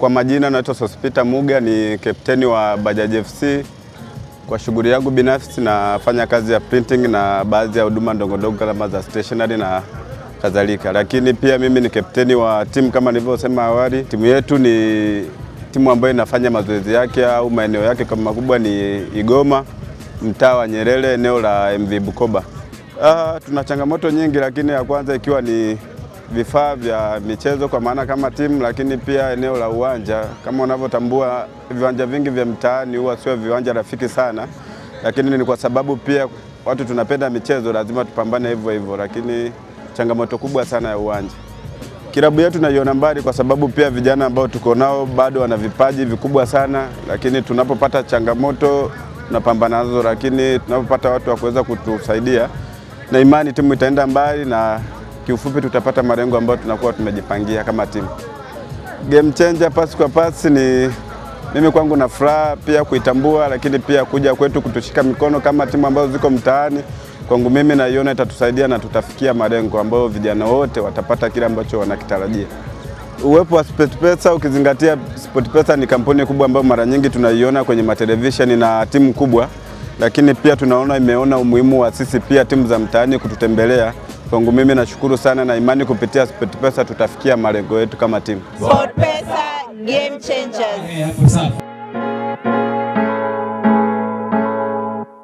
Kwa majina naitwa Sospita Muga, ni kapteni wa Bajaji FC. Kwa shughuli yangu binafsi nafanya kazi ya printing na baadhi ya huduma ndogondogo kama za stationery na kadhalika, lakini pia mimi ni kapteni wa timu. Kama nilivyosema awali, timu yetu ni timu ambayo inafanya mazoezi yake au maeneo yake kama makubwa ni Igoma, mtaa wa Nyerere, eneo la MV Bukoba. Ah, tuna changamoto nyingi, lakini ya kwanza ikiwa ni vifaa vya michezo kwa maana kama timu, lakini pia eneo la uwanja. Kama unavyotambua, viwanja vingi vya mtaani huwa sio viwanja rafiki sana, lakini ni kwa sababu pia watu tunapenda michezo, lazima tupambane hivyo hivyo, lakini changamoto kubwa sana ya uwanja. Kilabu yetu naiona mbali kwa sababu pia vijana ambao tuko nao bado wana vipaji vikubwa sana, lakini tunapopata changamoto tunapambana nazo, lakini tunapopata watu wa kuweza kutusaidia na imani timu itaenda mbali na kiufupi tutapata malengo ambayo tunakuwa tumejipangia kama timu. Game changer pasi kwa pasi ni mimi kwangu na furaha pia kuitambua, lakini pia kuja kwetu kutushika mikono kama timu ambazo ziko mtaani, kwangu mimi naiona itatusaidia na tutafikia malengo ambayo vijana wote watapata kile ambacho wanakitarajia. Uwepo wa SportPesa, ukizingatia SportPesa ni kampuni kubwa ambayo mara nyingi tunaiona kwenye matelevisheni na timu kubwa, lakini pia tunaona imeona umuhimu wa sisi pia timu za mtaani kututembelea Kwangu mimi nashukuru sana na imani kupitia SportPesa tutafikia malengo yetu kama timu. SportPesa game changers.